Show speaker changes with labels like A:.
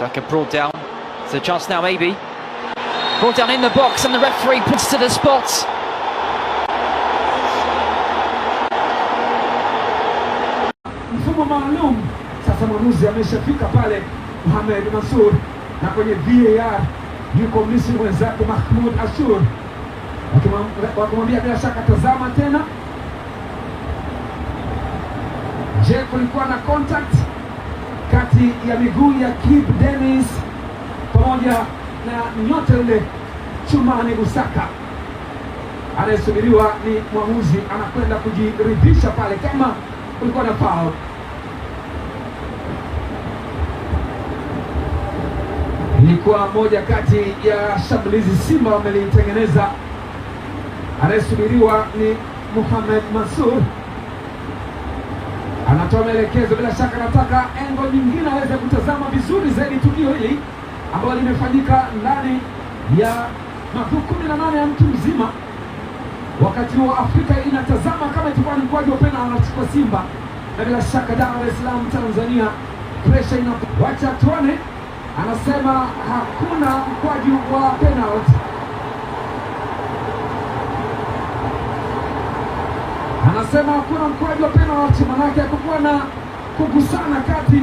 A: a brought down. It's a chance now, maybe. Brought down in the box, and the referee puts to the spot.
B: na kwenye VAR yuko Mahmoud Ashur, bila shaka, tazama tena. na contact? kati ya miguu ya Kip Dennis pamoja na nyota yule Chumani usaka anayesubiriwa ni mwamuzi, anakwenda kujiridhisha pale kama kulikuwa na foul. Ilikuwa moja kati ya shambulizi Simba wamelitengeneza. Anayesubiriwa ni Muhammad Mansur anatoa maelekezo. Bila shaka, nataka engo nyingine aweze kutazama vizuri zaidi tukio hili ambalo limefanyika ndani ya makuu kumi na nane ya mtu mzima, wakati huo Afrika inatazama kama itakuwa ni mkwaji wa pena anachukua Simba, na bila shaka Dar es Salaam Tanzania presha ina. Wacha tuone, anasema hakuna mkwaji wa penalty. anasema hakuna mkoaji wa penalty, manake hakukuwa na kugusana kati